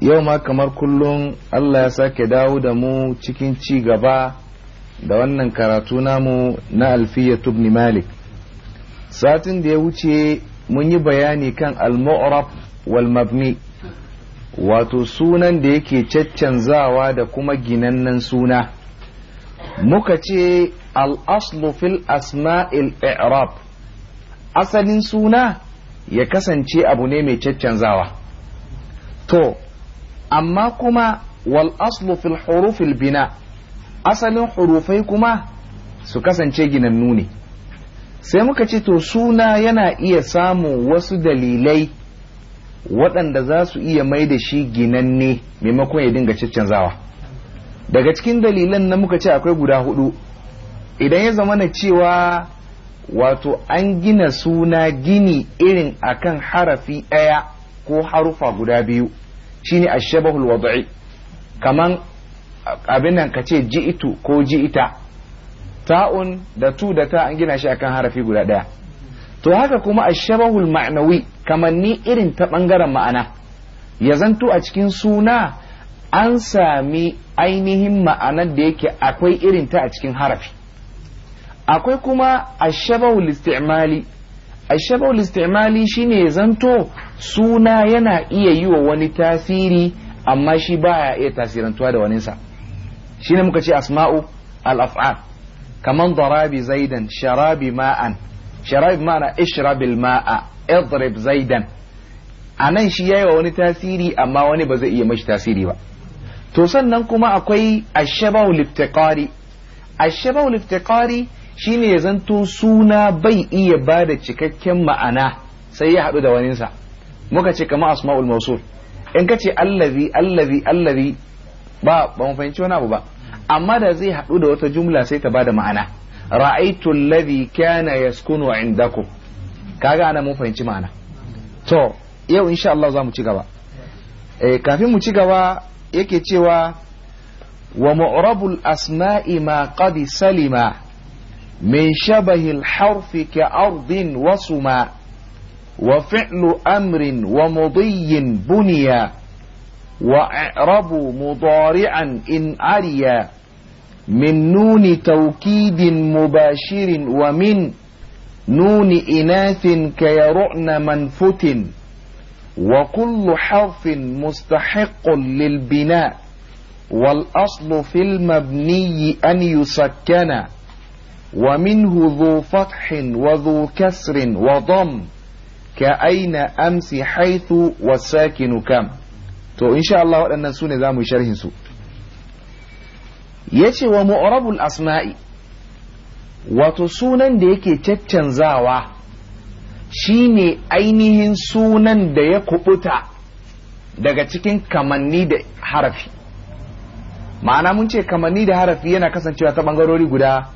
yau ma kamar kullum Allah ya sake dawo da mu cikin ci gaba da wannan karatu namu na alfiya tubni malik satin da ya wuce mun yi bayani kan al-mu'rab wal mabni wato sunan da yake caccanzawa da kuma ginannen suna muka ce al-aslu fil asma'il i'rab asalin suna ya kasance abu ne mai caccanzawa to amma kuma wal aslu fil hurufil bina asalin hurufai kuma su kasance ginannu ne sai muka ce to suna yana iya samun wasu dalilai waɗanda za su iya mai da shi ginanne maimakon ya dinga ciccanzawa daga cikin dalilan na muka ce akwai guda hudu idan ya zama na cewa wato an gina suna gini irin akan harafi ɗaya ko harufa guda biyu shine ashabahul wad'i kaman abin nan ka ce ji'itu ko ji'ita ta'un da tu da ta an gina shi akan harafi guda daya to haka kuma ashabahul ma'nawi ni irin ta bangaren ma'ana ya zanto a cikin suna an sami ainihin ma'anar da yake akwai irin ta a cikin harafi akwai kuma ashabahul istimali ashabul istimali shine zanto suna yana iya yi wa wani tasiri amma shi baya iya tasirantuwa da waninsa shine muka ce asma'u al-af'al kaman darabi zaidan sharabi ma'an sharabi ma'ana ishrabil ma'a idrib zaidan anan shi yayi wa wani tasiri amma wani ba zai iya mashi tasiri ba to sannan kuma akwai ashabul iftiqari ashabul iftiqari Shi ya zanto suna bai iya ba da cikakken ma'ana sai ya haɗu da waninsa muka ce kama asma'ul mausul in ka ce allazi allazi allazi ba ba mu fahimci wani abu ba amma da zai haɗu da wata jumla sai ta ba da ma'ana ra'aitu allazi kana yaskunu indakum kaga ana mun fahimci ma'ana to yau insha Allah za mu ci gaba eh kafin mu ci gaba yake cewa wa mu'rabul asma'i ma qad salima من شبه الحرف كأرض وصما وفعل أمر ومضي بنيا وإعرب مضارعا إن عريا من نون توكيد مباشر ومن نون إناث كيرؤن من فتن وكل حرف مستحق للبناء والأصل في المبني أن يسكنا ومنه ذو فتح وذو كسر وضم كأين أمس حيث والساكن كم تو إن شاء الله وأن نسون ذا مشاره سوء يتي ومعرب الأسماء وتسونا ديكي تتنزاوا shine ainihin sunan da ya kubuta daga cikin kamanni da harafi ma'ana mun ce kamanni da harafi yana kasancewa ta ɓangarori guda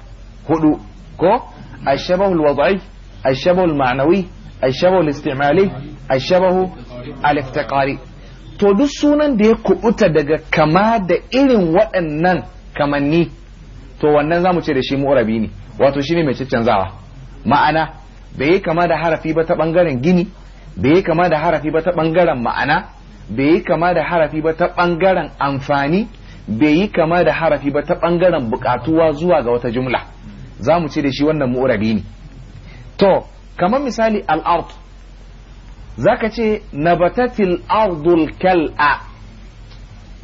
hudu ko ashabahu الوضعي ashabahu almanawi ashabahu alistimali ashabahu الافتقاري to duk sunan da ya kubuta daga kama da irin waɗannan kamanni to wannan zamu ce da shi mu'rabi ne wato shine mai caccanzawa ma'ana bai yi kama da harafi ba ta bangaren gini bai yi kama da harafi ba ta bangaren ma'ana bai yi kama da harafi ba ta bangaren amfani bai yi kama da harafi ba ta bangaren bukatuwa zuwa ga wata jumla za mu ce da shi wannan muurabi ne to kamar misali al za zaka ce nabatatil ardul kal'a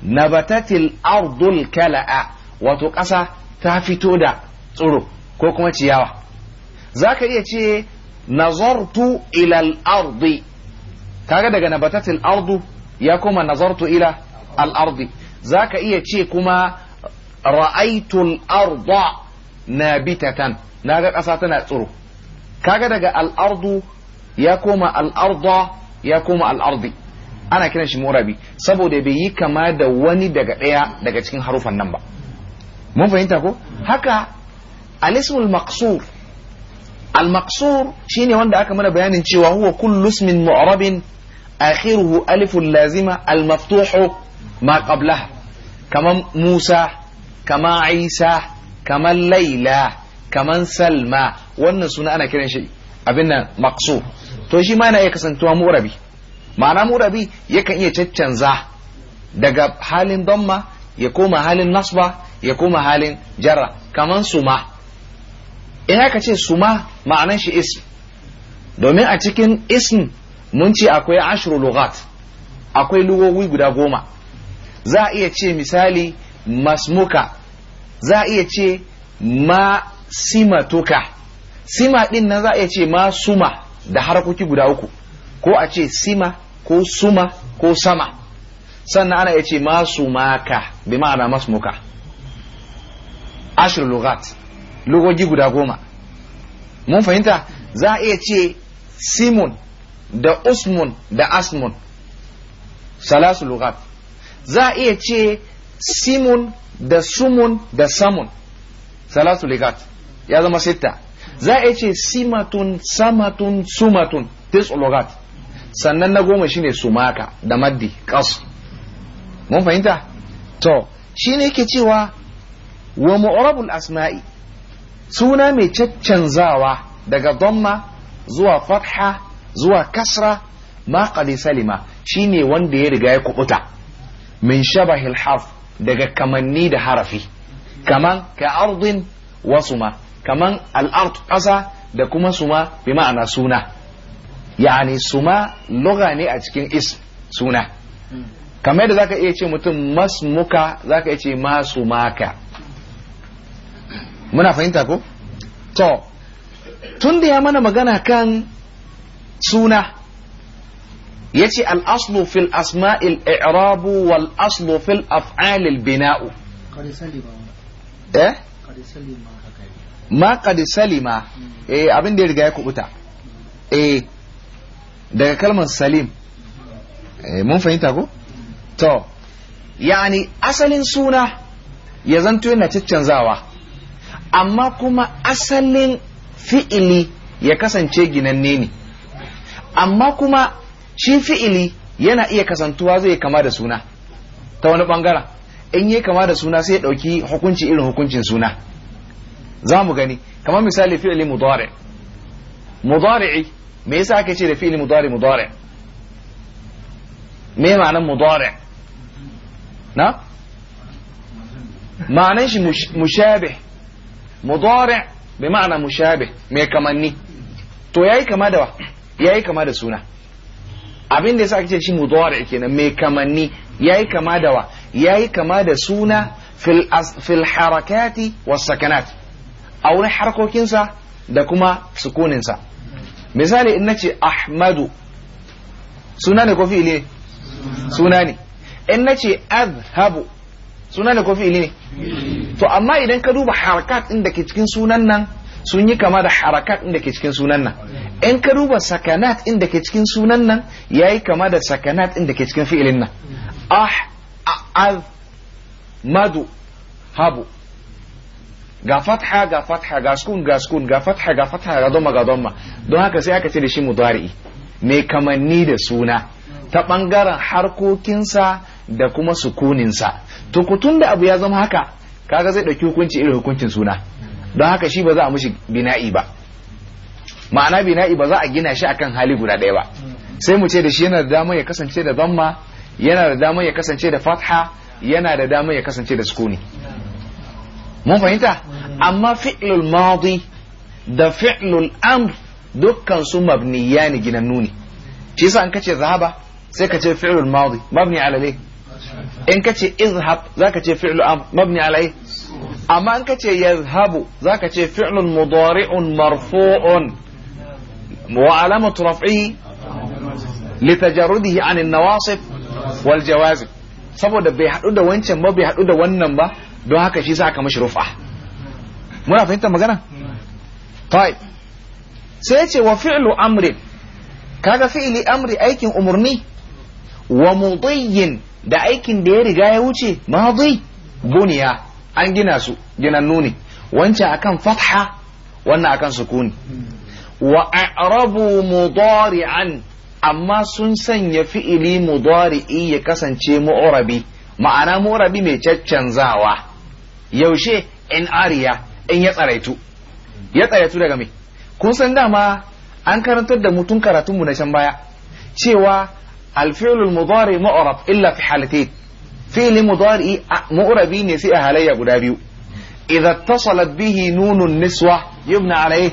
nabatatil ardul kal'a wato ƙasa ta fito da tsiro ko kuma ciyawa zaka iya ce nazartu ila ardi kaga daga nabatatil ardu ya kuma nazartu ila al-ardi zaka iya ce kuma ra'aytu arda nabitatan naga ƙasa tana tsiro kaga daga al'ardu ya koma al'arda ya koma al'ardi ana kiran shi murabi saboda bai yi kama da wani daga ɗaya daga cikin harufan nan ba mun fahimta ko haka alismul maqsur al maqsur shine wanda aka mana bayanin cewa huwa kullu ismin mu'rabin akhiruhu alifun lazima al maftuhu ma qablah kama musa kama isa kamar laila kamar salma wannan suna ana kiran shi abin nan maqsu to shi ma na iya kasantuwa murabi ma'ana murabi yakan iya caccanza daga halin damma ya koma halin nasba ya koma halin jarra kamar suma in aka ce suma ma'anan shi ism domin a cikin ism mun ce akwai ashiru lugat akwai lugogi guda goma za a iya ce misali masmuka za a iya ce ma simatuka sima din nan za a iya ce ma suma da harkoki guda uku ko a ce sima ko suma ko sama sannan ana iya ce ma sumaka bi ma'ana masmuka ashir lugat lugogi guda goma mun fahimta za a iya ce simon da usmun da asmun salasu lugat za a iya ce simon. da sumun da samun salatu ligat ya zama sitta za a ce simatun samatun sumatun tis sannan na goma shine sumaka da maddi kas. mun fahimta to shine yake cewa wa mu'rabul asma'i suna mai caccanzawa daga dhamma zuwa fatha zuwa kasra ma qad salima shine wanda ya riga ya kubuta min shabahil harf daga kamanni da harafi kaman ka ardin wa suma kaman al'ard ƙasa da kuma suma bi ma'ana suna yani suma lugha ne a cikin is suna kamar yadda zaka iya ce mutum masmuka zaka iya ce masumaka muna fahimta ko to tun da ya mana magana kan suna yace al aslu fil asma'il i'rabu wal aslu fil af'alil bina'u eh? ma qad salima hmm. eh abin da ya riga ya kubuta eh, daga kalmar salim eh mun fahimta ko to yani asalin suna ya zanto yana caccanzawa amma kuma asalin fi'ili ya kasance ginanne ne amma kuma shi fi'ili yana iya kasantuwa zai kama da suna ta wani bangaren in yi kama da suna sai ya ɗauki hukunci irin hukuncin suna za mu gani kamar misali fi'ili mudare mudare me yasa ake ce da fi'ili mudare mudare me ma'anar mudare na ma'anar shi mushabe mudare bi ma'ana mushabe mai kamanni to yayi kama da wa yayi kama da suna abin da yasa ake shi mudawara kenan mai kamanni yayi kama da wa yayi kama da suna fil fil harakati was sakanat a wurin harkokinsa da kuma sukuninsa misali in nace ahmadu suna ne ko fi'ili ne suna ne in nace azhabu suna ne ko fi'ili ne to amma idan ka duba harakat din da ke cikin sunan nan sun yi kama da harakat inda ke cikin sunan nan in ka duba sakanat inda ke cikin sunan nan yayi kama da sakanat inda ke cikin fi'ilin nan ah az madu habu ga fatha ga fatha ga sukun ga sukun ga fatha ga fatha ga dhamma ga dhamma don haka sai aka ce da shi mudari'i mai kamanni da suna ta bangaren harkokinsa da kuma sukuninsa to kutun da abu ya zama haka kaga zai ɗauki hukunci irin hukuncin suna don haka shi ba za a mushi bina'i ba ma'ana bina'i ba za a gina shi akan hali guda ɗaya ba sai mu ce da shi yana da damar ya kasance da zamma yana da damar ya kasance da fatha yana da damar ya kasance da sukuni mun fahimta amma fi'lul madi da fi'lul amr dukkan su mabniya ne ginan nuni shi yasa an kace zahaba sai ka ce fi'lul madi mabni ala in kace izhab zaka ce fi'lul amr mabni ala amma in kace yazhabu zaka ce fi'lun mudari'un marfu'un wa alamatu raf'i tajarrudihi 'an an-nawasib wal jawazib saboda bai hadu da wancan ba bai hadu da wannan ba don haka shi sa aka mashi rufa muna fahimta magana طيب sai ce wa fi'lu amri. kaga fi'li amri aikin umurni wa mudiyyin da aikin da ya riga ya wuce madi buniya an gina su ginan nuni wancan akan fatha wannan akan sukuni wa a'rabu mudari'an amma sun sanya fi'ili mudari'i ya kasance mu'rabi ma'ana mu'rabi mai caccanzawa yaushe in ariya in ya tsaraitu ya tsaraitu daga me kun san dama an karantar da mutum karatunmu na can baya cewa alfi'lul mudari mu'rab illa fi halatayn فعل مضارع مقربين يسيء علي قدابيو إذا اتصلت به نون النسوة يبنى على إيه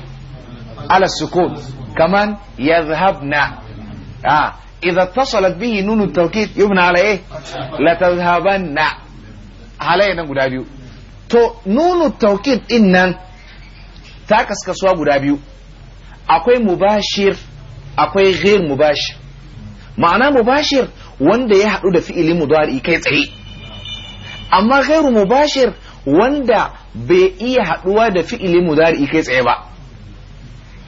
على السكون كمان يذهبنا آه. إذا اتصلت به نون التوكيد يبنى على إيه لتذهبن علينا قدابيو تو نون التوكيد إنن تاكس كسوا قدابيو أقوي مباشر أقوي غير مباشر معناه مباشر wanda ya haɗu da fi'ilin mudari kai tsaye amma ghairu mubashir wanda bai iya haɗuwa da fi'ilin mudari kai tsaye ba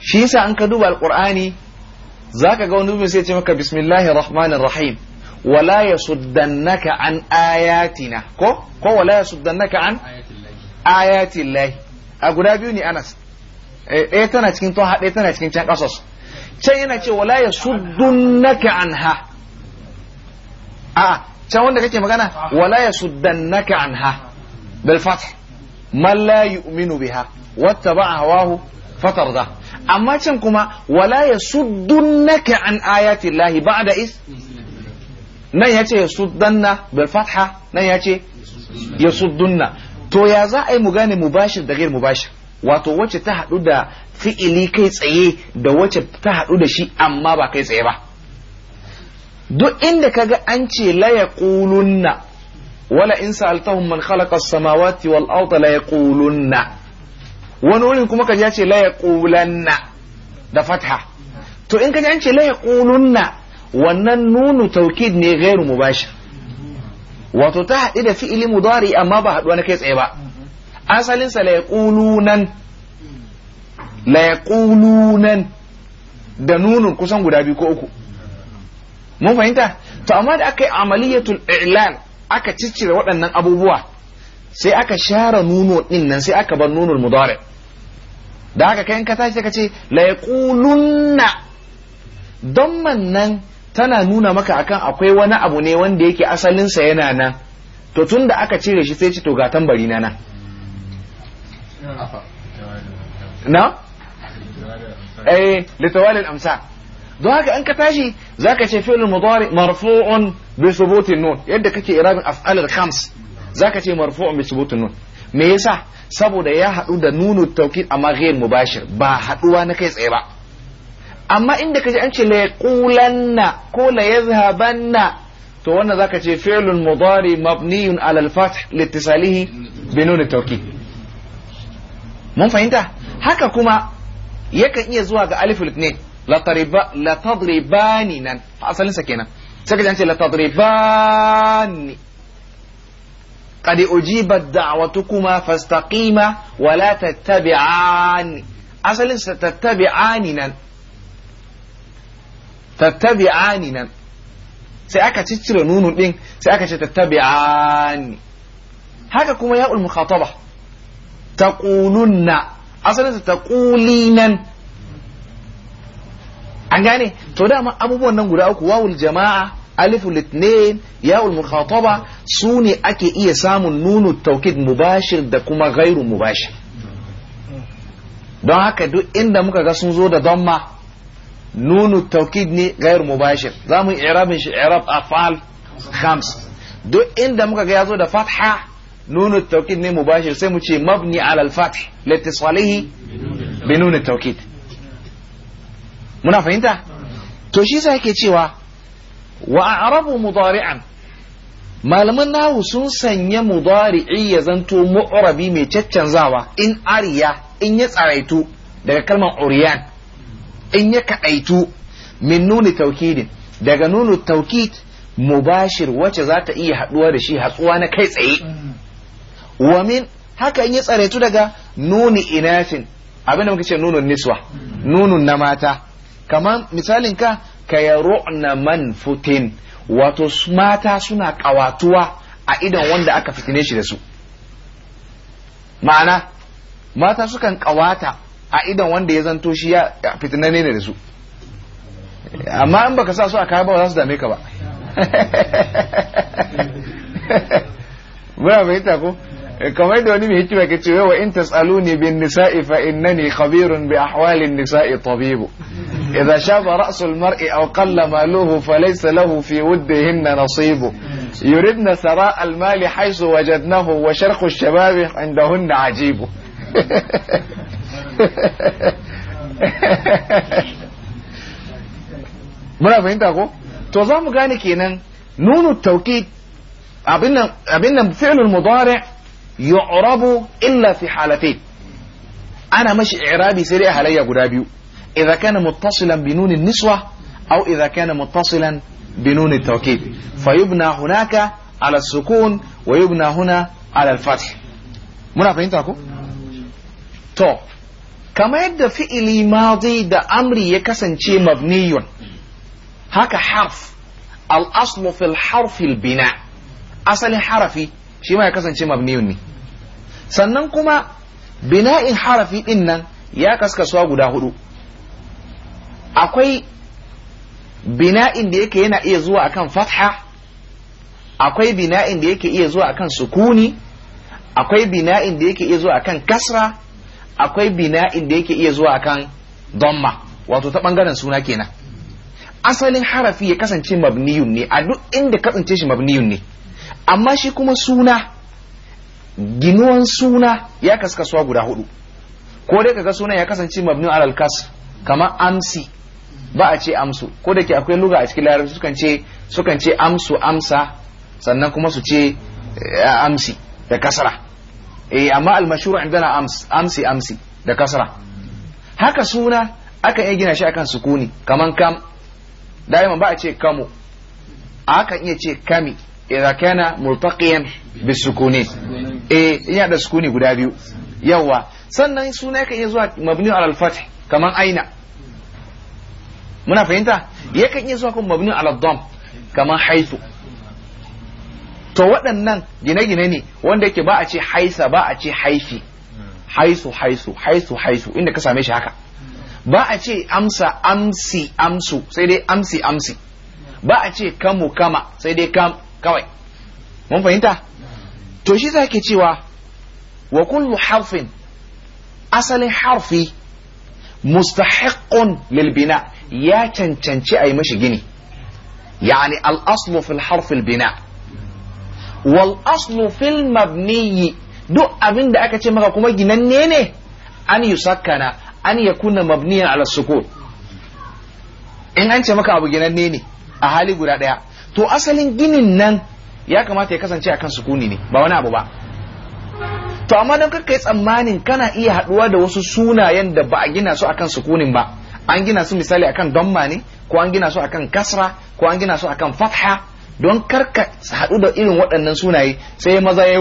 shi yasa an ka duba alqur'ani zaka ga wani mutum sai ya ce maka bismillahir rahmanir rahim wala yasuddannaka an ayatina ko ko wala yasuddannaka an ayatillahi a guda biyu ne anas eh, ɗaya tana cikin toha ɗaya tana cikin can ƙasas can yana ce wala yasuddannaka ha. a can wanda kake magana wala ya yasuddannaka anha bil fath man la yu'minu biha a hawahu fatarda amma can kuma wala ya yasuddunaka an ayati llahi ba'da is nan yace yasuddanna bil fatha nan yace suddunna to ya za a yi mu gane mubashir da gair mubashir wato wacce ta hadu da fi'ili kai tsaye da wacce ta hadu da shi amma ba kai tsaye ba duk inda kaga an ce la yaqulunna wala in sa'altahum man khalaqa samawati wal arda la yaqulunna wani wurin kuma kaji ce la yaqulanna da fatha to in kaji an ce la yaqulunna wannan nunu taukid ne mu bashi. wato ta haɗu da fi'ili mudari amma ba haɗuwa na kai tsaye ba asalinsa la yaqulunan la yaqulunan da nunun kusan guda biyu ko uku mun fahimta to amma da aka yi amaliyatul i'lal aka ciccire waɗannan abubuwa sai aka share nuno din nan sai aka bar nunul mudari da haka kai in ka tashi ka ce la yaqulunna don man nan tana nuna maka akan akwai wani abu ne wanda yake asalin sa yana nan to tun aka cire shi sai ci to ga tambari na nan na eh litawalil amsa don haka an ka tashi zaka ce fi'l mudari marfu'un bi thubutin nun yadda kake irabin af'al al-khams zaka ce marfu'un bi thubutin nun me yasa saboda ya hadu da nunu tawkid amma ghayr mubashir ba haduwa na kai tsaye ba amma inda kaje an ce la yaqulanna ko la yadhhabanna to wannan zaka ce fi'lun mudari mabniyun ala al-fath liittisalihi bi nun tawkid mun fahimta haka kuma yakan iya zuwa ga alif litnin latadribani nan أصلا سكينة سكينة أنت ce قد أجيبت دعوتكما فاستقيما ولا تتبعان أصلا ستتبعاننا نعم. تتبعاننا نعم. سأكا تتر نون دين سأكا تتبعان هكا كما ياء المخاطبة تقولن أصلا تقولين an gane to dama abubuwan nan guda uku wawul jama'a alifu litinin yawul mukhataba su ne ake iya samun nunu taukid mubashir da kuma ghairu mubashir don haka duk inda muka ga sun zo da damma nunu taukid ne ghairu mubashir za mu irabin shi irab afal khams duk inda muka ga ya da fatha nunu taukid ne mubashir sai mu ce mabni alal fath litisalihi bi nunu taukid muna fahimta to shi sa yake cewa wa a'rabu mudari'an malaman nahu sun sanya mudari'i ya zanto mu'rabi mai caccanzawa in ariya in ya tsaraitu daga kalmar uriyan in ya kaɗaitu min nuni taukidin daga nunu taukid mubashir wacce za ta iya haɗuwa da shi hatsuwa na kai tsaye wa min haka in ya tsaraitu daga nuni inafin abinda muka ce nunun niswa nunun na mata kamar misalin ka ka na man futin wato mata suna kawatuwa a idan wanda aka fitine shi da su ma'ana mata sukan kawata a idan wanda ya zanto shi ya fitina ne da su amma in baka sa su a kaya ba za su dame ka ba muna fahimta ko kamar da wani mai hikima ke ce wa in ne bin nisa'i fa innani khabirun bi ahwalin nisa'i tabibu إذا شاب رأس المرء أو قل ماله فليس له في ودهن نصيب يردن ثراء المال حيث وجدناه وشرخ الشباب عندهن عجيبه فهمت أفهمت أقول توظام كينا نون التوكيد أبنا فعل المضارع يعرب إلا في حالتين أنا مش إعرابي سريع علي قدابيو إذا كان متصلا بنون النسوة أو إذا كان متصلا بنون التوكيد فيبنى هناك على السكون ويبنى هنا على الفتح منا فهمت أكو تو كما يد فئل ماضي دا أمري يكسن شي مبني هكا حرف الأصل في الحرف البناء أصل حرفي شيء ما يكسن شي مبني سننكما بناء حرفي إنن يكسك سواء قداه akwai bina'in da yake yana iya zuwa akan fatha akwai bina'in da yake iya zuwa akan sukuni akwai bina'in da yake iya zuwa akan kasra akwai bina'in da yake iya zuwa akan dhamma wato ta bangaren suna kenan asalin harafi ya kasance mabniyun ne a duk inda kasance shi mabniyun ne amma shi kuma suna ginuwan suna ya kaskasuwa guda hudu ko dai kaga sunan ya kasance mabniyun alal kas kamar amsi ba a ce amsu ko da ke akwai luga a cikin larabci sukan ce sukan ce amsu amsa sannan kuma su ce eh, amsi da kasra eh amma almashhur indana ams amsi amsi da kasra haka suna akan iya gina shi akan sukuni kaman kam daiman ba a ce kamu akan iya ce kami idza kana bi bisukuni eh ina da sukuni guda biyu yawa sannan suna yakan iya zuwa mabni al fath kaman aina muna fahimta ya kan iya zuwa kuma mabni ala dam kamar haisu to waɗannan gine-gine ne wanda yake ba a ce haisa ba a ce haifi haisu haisu haisu haisu inda ka same shi haka ba a ce amsa amsi amsu sai dai amsi amsi ba a ce kamu kama sai dai kam kawai mun fahimta to shi za ke cewa wa kullu harfin asalin harfi mustahiqqun lil bina ya cancanci a yi mashi gini yani al'aslu fil harfil bina wal aslu fil mabniyi duk abin da aka ce maka kuma ginanne ne an yi sakkana an ya kuna mabniyan ala sukun in an ce maka abu ginanne ne a hali guda daya to asalin ginin nan ya kamata ya kasance akan sukuni ne ba wani abu ba to amma don kai yi tsammanin kana iya haduwa da wasu sunayen da ba a gina su akan sukunin ba an gina su misali akan damma ne ko an gina su akan kasra ko an gina su akan fatha don karka haɗu da irin waɗannan sunaye sai maza ya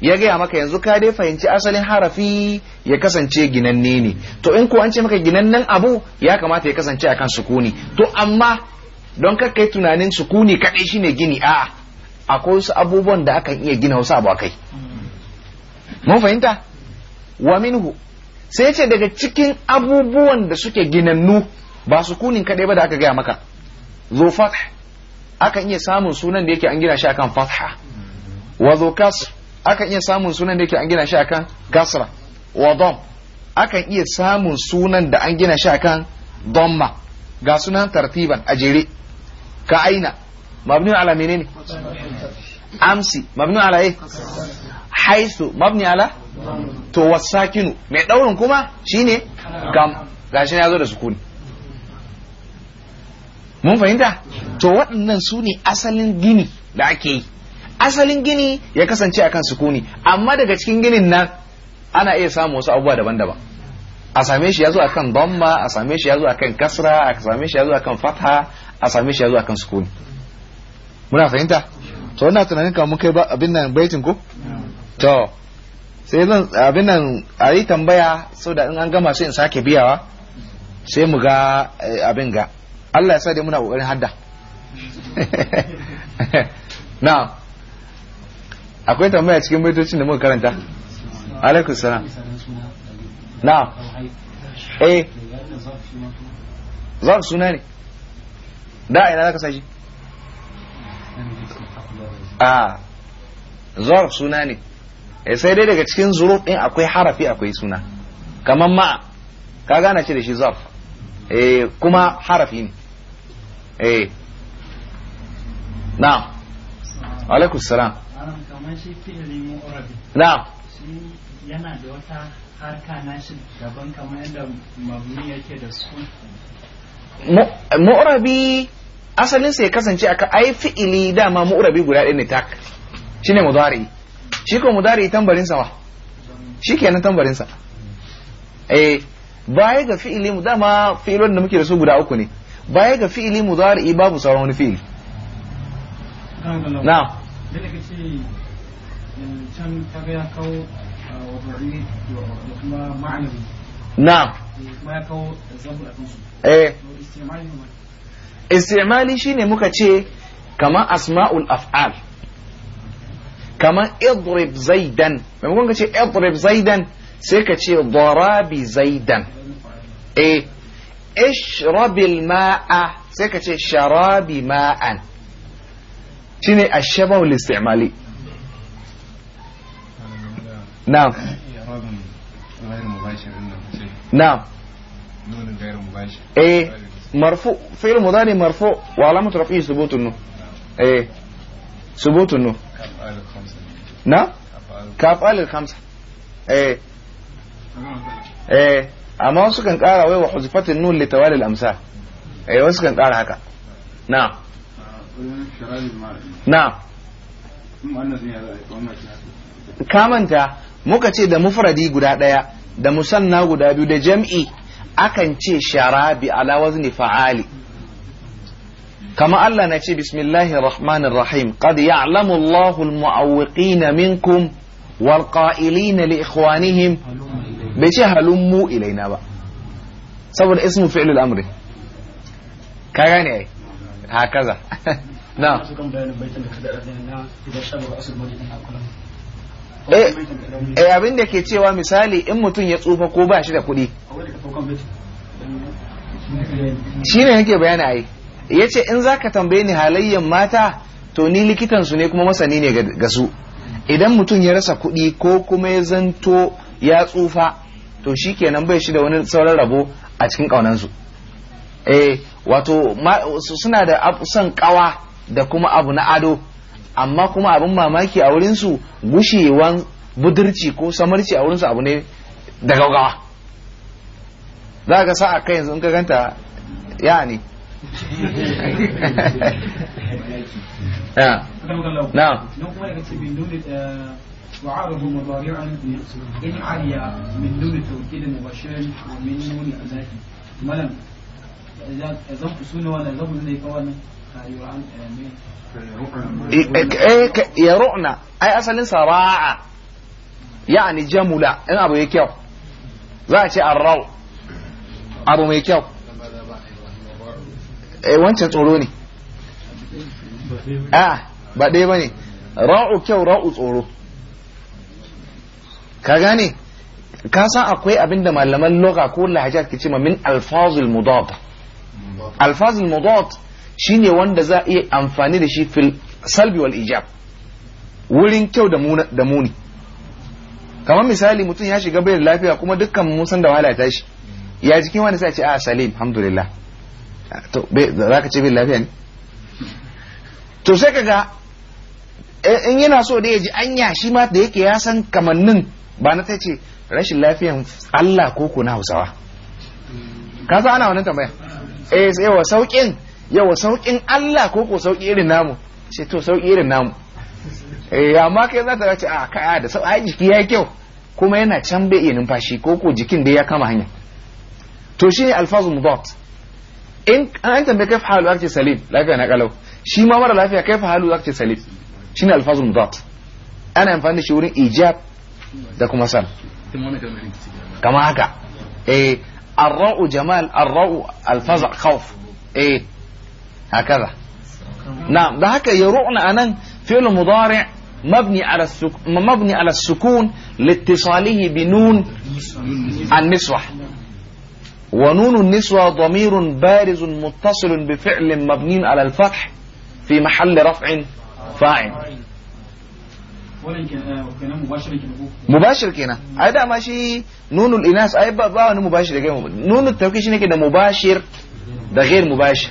ya gaya maka yanzu ka dai fahimci asalin harafi ya kasance ginanne ne to in ko an ce maka ginannen abu ya kamata ya kasance akan sukuni to amma don kai tunanin sukuni kaɗai shine gini a akwai wasu abubuwan da akan iya gina wasu abu akai mun fahimta wa minhu sai ce daga cikin abubuwan da suke ginannu ba su kunin kaɗai ba da aka gaya maka zo fath akan iya samun sunan da yake an gina shi akan fatha wa zo kas akan iya samun sunan da yake an gina shi akan kasra wa dom akan iya samun sunan da an gina shi akan domma ga sunan tartiban a jere ka aina mabni ala menene amsi mabni ala eh haisu mabni ala to wasakinu mai daurin kuma shine kam gashi ya zo da sukuni mun fahimta to waɗannan su ne asalin gini da ake yi asalin gini ya kasance akan sukuni amma daga cikin ginin nan ana iya samun wasu abubuwa daban-daban a same shi ya zo akan bamma a same shi ya zo akan kasra a same shi ya zo akan fatha a same shi ya zo akan sukuni muna fahimta to wannan tunanin kamar mun kai abin nan baitin ko to sai zan abin nan a yi tambaya so da in an gama sai in sake biyawa sai mu ga eh, abin ga Allah ya sa dai muna kokarin hadda na akwai tambaya cikin mutocin da muka karanta alaikum salam na eh zafi suna ne da ina zaka sashi Ah, zarf suna ne Eh, sai dai daga cikin zuruf din akwai harafi akwai suna kamar ma ka gana ce da shi zarf eh kuma harafi ne eh na'am alaikum salam kamar shi mu'rabi na'am shi yana da wata harka na shi daban kamar yadda mabni yake da su mu'rabi asalin sai kasance aka ai fi'ili dama mu'rabi guda ɗaya ne tak shine mudari shi ko mudari tambarin sa wa kenan tambarin sa eh baya ga fi'ili dama fi'ilon da muke da su guda uku ne baya ga fi'ili mudari babu sauran wani fi'ili na eh, can ya kawo ah, wadari da kuma ma'anabi na eh, kuma ya kawo zabu kansu eh istimali shine muka ce kama asma'ul af'al kamar idrib zaidan maimakon ka ce idrib zaidan sai ka ce darabi zaidan e ishrabil ma'a sai ka ce sharabi ma'an shine ashabahul istimali na'am نعم نون غير مباشر ايه مرفوع فعل مضارع مرفوع وعلامه رفعه ثبوت النون ايه ثبوت النون na kafalil khamsa eh eh amma wasu kan kara wai wa huzifatin nun li tawalil amsa eh wasu kan kara haka na na ka manta muka ce da mufradi guda daya da musanna guda biyu da jam'i akan ce shara bi ala wazni fa'ali كما الله نتي بسم الله الرحمن الرحيم قد يعلم الله المعوقين منكم والقائلين لإخوانهم بيتي هلموا إلينا بقى صور اسم فعل الأمر كاغاني أي هكذا نعم eh abin da ke cewa misali in mutum ya tsufa ko ba shi da kuɗi shi ne yake bayani a yi ya ce in za ka tambaye ni halayyar mata to ni likitansu ne kuma masani ne ga su idan mutum ya rasa kuɗi ko kuma ya zanto ya tsufa to shi kenan bai shi da wani sauran rabo a cikin ƙaunansu eh wato suna da son ƙawa da kuma abu na ado amma kuma abin mamaki a wurinsu gushewan budurci ko samarci a wurinsu abu ne da gaugawa za ka sa a kai yanzu in ka ganta ya ne نعم نعم وعرضوا إيه، إيه، نعم. إيه، مضارعا يعني إن علي من دون توكيد مباشر ومن دون أداء ملم إذا فسونا ولا إذا فسونا يكون ya ru'na ai asalin sa ra'a yani jamula in abu ya kyau za a ce arrau abu mai kyau eh wancan tsoro ne a ah, ba ɗaya bane ra'u kyau ra'u tsoro ka gane ka san akwai abinda malaman loga ko lahaja ke ce min alfazul mudad alfazul mudad shine wanda za a iya amfani da shi fil salbi wal ijab wurin kyau da muni kamar misali mutum ya shiga bayar lafiya kuma dukkan sanda da wahala tashi ya jikin wani sai ce a ah, salim alhamdulillah to za ka ce bin lafiya ne to sai kaga eh, in yana so da ya ji anya shi ma da yake ya san kamannin ba na ta ce rashin lafiyan Allah ko ku na Hausawa ka san ana wannan tambaya eh sai wa saukin yawa saukin Allah ko ko sauki irin namu sai to sauki irin namu eh amma kai za ta ce a ah, kaya ah, da sauki jiki yi kyau kuma yana can bai iya numfashi ko ko jikin da ya kama hanya to shi ne alfazu mudat in an tambaye kai halu aka ce salim lafiya na kalau shi ma mara lafiya kai halu aka ce salim shine alfazul mudat ana amfani da shi wurin ijab da kuma San. kama haka eh arra'u jamal arra'u alfaza khawf eh hakaza na'am da haka yaru'na anan fi'l mudari' مبني على السك... مبني على السكون لاتصاله بنون النسوة ونون النسوة ضمير بارز متصل بفعل مبني على الفتح في محل رفع فاعل مباشر كنا هذا ماشي نون الإناث أي بقى نون مباشر كنا نون التوكيد شنو كده مباشر ده غير مباشر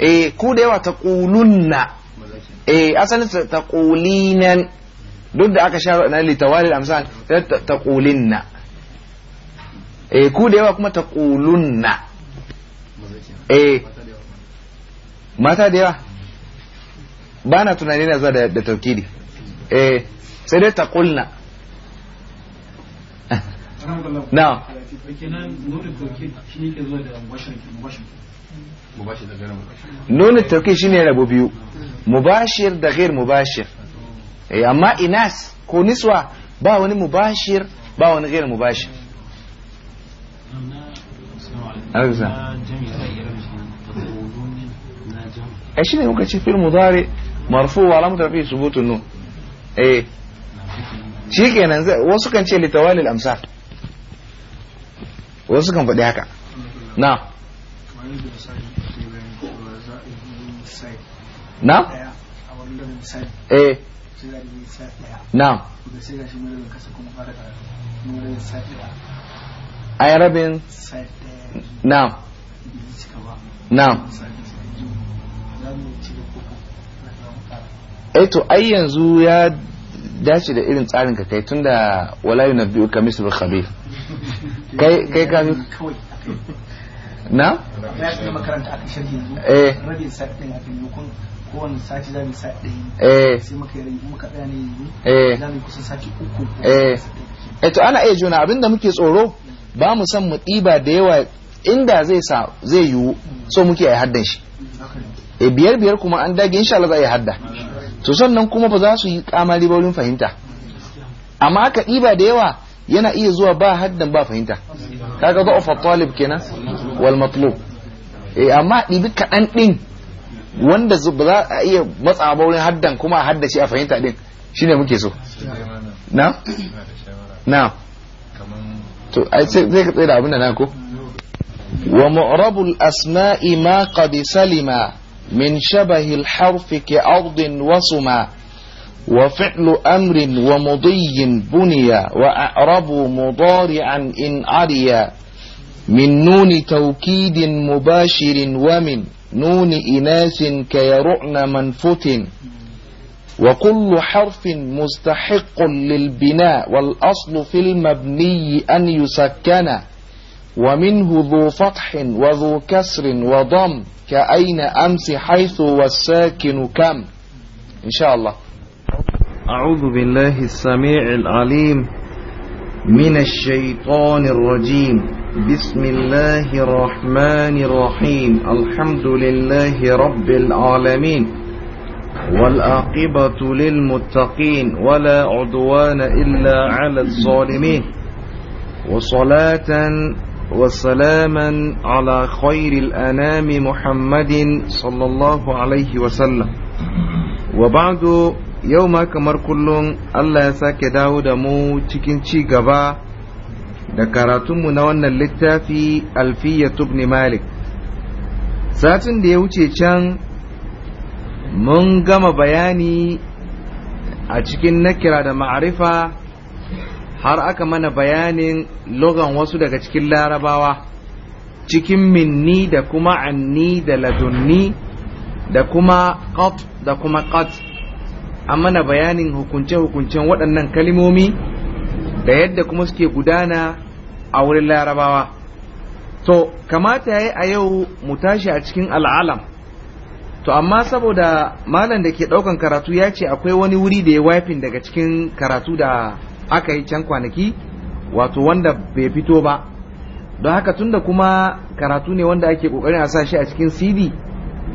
eh ku da yawa ta ƙulunna eh asalin ta ƙulinan duk da aka sha na litawalil amsal ta ƙulinna eh ku da yawa kuma ta ƙulunna eh mata da yawa ba na tunani na zuwa da taukidi eh sai dai ta ƙulna na kenan nuna shi ne ke zuwa da washin nunin tauki shine rabu biyu mubashir da ghair mubashir eh, amma inas ko niswa ba wani mubashir ba wani ghair mubashir a shi eh, ne kuka ce fil mudari marfu wa alamu tarfi subutun nun eh shikenan wasu kan ce litawalil amsar wasu kan faɗi haka na na? eh na a yi na na eto eh ai yanzu ya dace da irin tsarin ka kai tunda wala na biyu ka misal khabir kai kai ka na ya makaranta yanzu eh. rabin a kan kowane sati za mu sa ɗaya eh. sai muka yi muka ɗaya ne yanzu eh. za mu kusa sati uku eh. eh to ana iya juna abinda muke tsoro ba mu san mu ɗiba da yawa inda zai sa zai yiwu so muke a haddan shi e biyar biyar kuma an dage insha Allah za a yi hadda to sannan kuma ba za su yi kamari ba wurin fahimta amma aka ɗiba da yawa yana iya zuwa ba haddan ba fahimta kaga da'ufa talib kenan wal matlub eh amma ɗibi kaɗan ɗin wanda ba za a iya matsa ba wurin haddan kuma a haddace a fahimta din shine muke so na na to ai sai ka tsaya da abin da na ko wa mu'rabul asma'i ma qad salima min shabahi al-harfi ka ardin wa wa suma fi'lu amrin wa mudiyyin buniya wa a'rabu mudari'an in ariya من نون توكيد مباشر ومن نون إناث كيرعن منفت وكل حرف مستحق للبناء والأصل في المبني أن يسكن ومنه ذو فتح وذو كسر وضم كأين أمس حيث والساكن كم إن شاء الله أعوذ بالله السميع العليم من الشيطان الرجيم بسم الله الرحمن الرحيم الحمد لله رب العالمين والعاقبة للمتقين ولا عدوان إلا على الظالمين وصلاة وسلاما على خير الأنام محمد صلى الله عليه وسلم وبعد يوم كمر كل الله ساك داود مو تكين تشي da karatunmu na wannan littafi alfiyatu tubni malik satin da ya wuce can mun gama bayani a cikin nakira da ma'arifa har aka mana bayanin logan wasu daga cikin larabawa cikin minni da kuma anni da ladunni da kuma qat da kuma qat an mana bayanin hukunce-hukuncen waɗannan kalimomi da yadda kuma suke gudana a wurin larabawa to kamata yayi a yau mu tashi a cikin al'alam to amma saboda malam da ke daukan karatu ya ce akwai wani wuri da ya wafin daga cikin karatu da aka yi can kwanaki wato wanda bai fito ba don haka tunda kuma karatu ne wanda ake kokarin a sa shi a cikin cd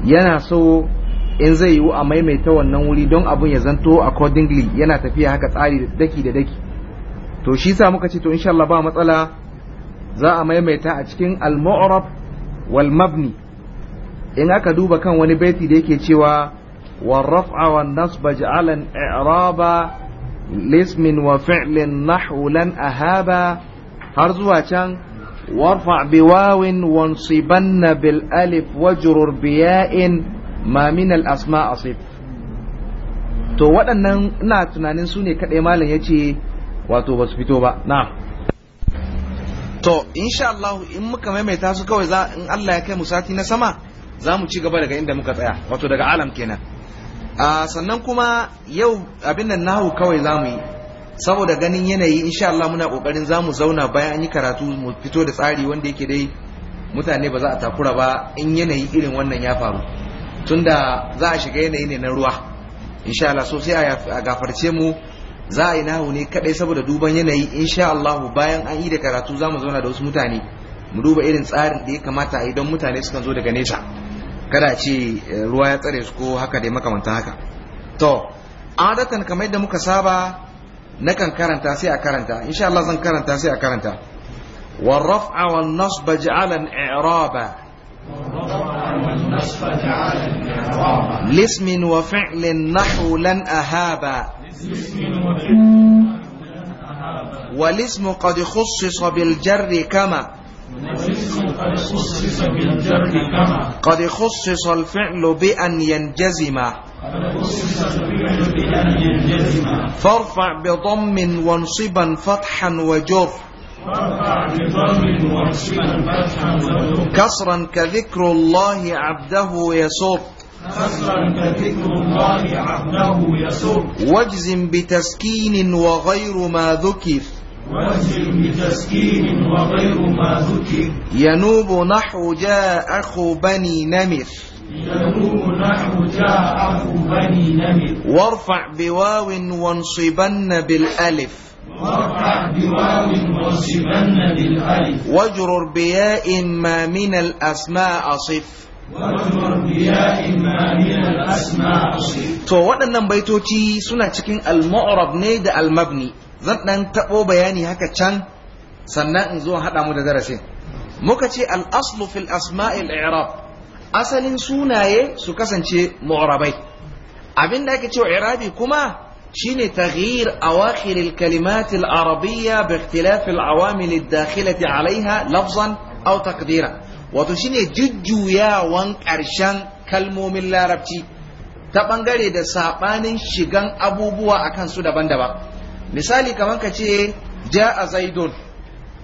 yana so in zai yiwu a maimaita wannan wuri don abun ya zanto accordingly yana tafiya haka tsari da daki da daki to shi sa muka ce to insha Allah ba matsala za a maimaita a cikin al-mu'rab wal mabni in aka duba kan wani baiti da yake cewa wa raf'a wan nasba ja'alan i'raba lismin wa fi'lin nahwu ahaba har zuwa can warfa bi wawin wansibanna bil alif wajrur bi ya'in ma min al asma asif to waɗannan ina tunanin su ne kaɗai malam ya ce wato ba su fito ba na to insha Allah in muka maimaita su kawai za in Allah ya kai mu sati na sama za mu ci gaba daga inda muka tsaya wato daga alam kenan a sannan kuma yau abin nan nahu kawai za mu yi saboda ganin yanayi insha Allah muna kokarin za mu zauna bayan an yi karatu mu fito da tsari wanda yake dai mutane ba za a takura ba in yanayi irin wannan ya faru tunda za a shiga yanayi ne na ruwa insha Allah so sai a gafarce mu za a yi nahu ne kadai saboda duban yanayi insha Allah bayan an yi da karatu za mu zauna da wasu mutane mu duba irin tsarin da ya kamata a yi don mutane sukan zo daga nesa kada ce eh, ruwa ya tsare su ko haka dai makamanta haka to adatan kamar yadda muka saba na kan karanta sai a karanta insha Allah zan karanta sai a karanta Nas والنصب جعلا iraba لاسم وفعل نحو لن أهابا والاسم قد خصص بالجر كما قد خصص الفعل بأن ينجزم فارفع بضم وانصبا فتحا وجر كسرا كذكر الله عبده يسر واجزم بتسكين وغير ما ذكر واجزم بتسكين وغير ما ذكر ينوب نحو جاء أخو بني نمر ينوب نحو جاء أخو بني نمر وارفع بواو وانصبن بالألف وارفع بواو وانصبن بالألف واجرر بياء ما من الأسماء صف To waɗannan baitoci suna cikin al-mu'rab ne da al-mabni zan ɗan taɓo bayani haka can sannan in zo haɗa mu da darasin muka ce al-aslu fil asma'il i'rab asalin sunaye su kasance mu'rabai abin da ake cewa i'rabi kuma shine taghyir awakhir al-kalimat al-arabiyya bi ikhtilaf al-awamil ad-dakhilati 'alayha lafzan aw taqdira wato shine jujjuyawan ƙarshen kalmomin larabci ta ɓangare da saɓanin shigan abubuwa a kansu daban-daban misali kamar ka ce ja a zaidun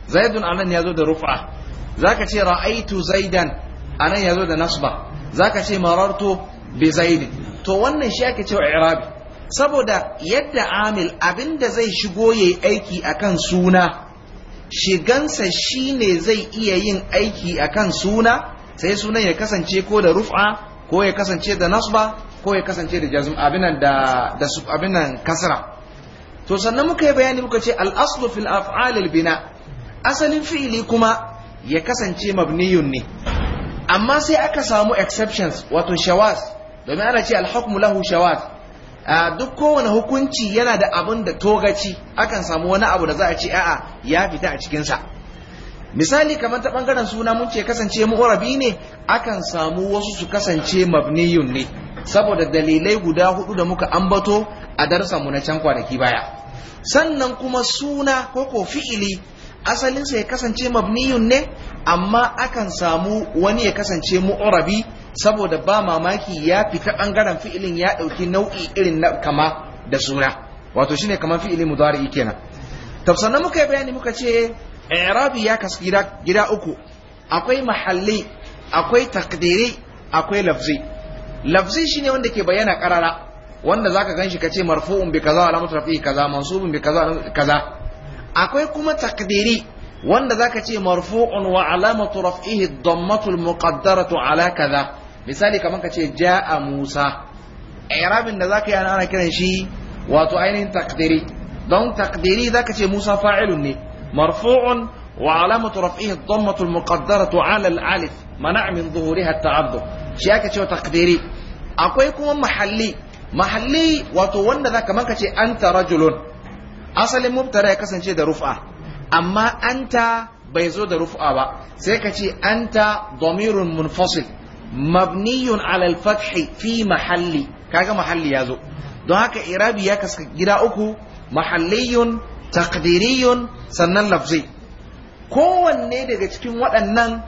zaidun anan ya zo da rufa za ka ce ra'aitu zaidan anan ya zo da nasba za ka ce marartu bi zaidin to wannan shi ake cewa irabi saboda yadda amil abinda zai shigo yayi aiki akan suna shigansa shine zai iya yin aiki akan suna sai sunan ya kasance ko da rufa ko ya kasance da nasba ko ya kasance da jazm abinan da da abinan kasra to sannan muka yi bayani muka ce al-aslu fil af'al bina asalin fi'ili kuma ya kasance mabniyun ne amma sai aka samu exceptions wato shawaz domin ana ce al-hukmu lahu shawaz duk kowane hukunci yana da abin da togaci akan samu wani abu da za a ce a'a ya fita a cikinsa misali kamar ta bangaren suna mun ce kasance mu'rabi ne akan samu wasu su kasance mabniyun ne saboda dalilai guda hudu da muka ambato a darsa mu na can kwanaki baya sannan kuma suna ko ko fi'ili asalinsa ya kasance mabniyun ne amma akan samu wani ya kasance mu'rabi saboda ba mamaki ya fita bangaren fi'ilin ya dauki nau'i irin na kama da suna wato shine kaman fi'ili mudari kenan tafsanna muka yi bayani muka ce i'rabi ya kasu gida gida uku akwai mahalli akwai takdiri akwai lafzi lafzi shine wanda ke bayyana karara wanda zaka ganshi kace marfu'un bi kaza alamatu rafi'i kaza mansubun bi kaza kaza akwai kuma takdiri wanda zaka ce marfu'un wa alamatu raf'ihi ad-dammatu al-muqaddaratu ala kaza misali kamar ka ce ja'a musa irabin da zaka yi ana kiran shi wato ainihin takdiri don takdiri zaka ce musa fa'ilun ne marfu'un wa alamatu raf'ihi ad al-muqaddaratu 'ala al-alif mana' min zuhuriha at-ta'addud shi aka ce takdiri akwai kuma mahalli mahalli wato wanda za kamar ka ce anta rajulun asalin mubtara ya kasance da rufa amma anta bai zo da rufa ba sai ka ce anta damirun munfasil mabniyun alal fathi fi mahalli kaga mahalli ya zo don haka irabi ya kaska gida uku mahalliyun takdiriyun sannan lafzi kowanne daga cikin waɗannan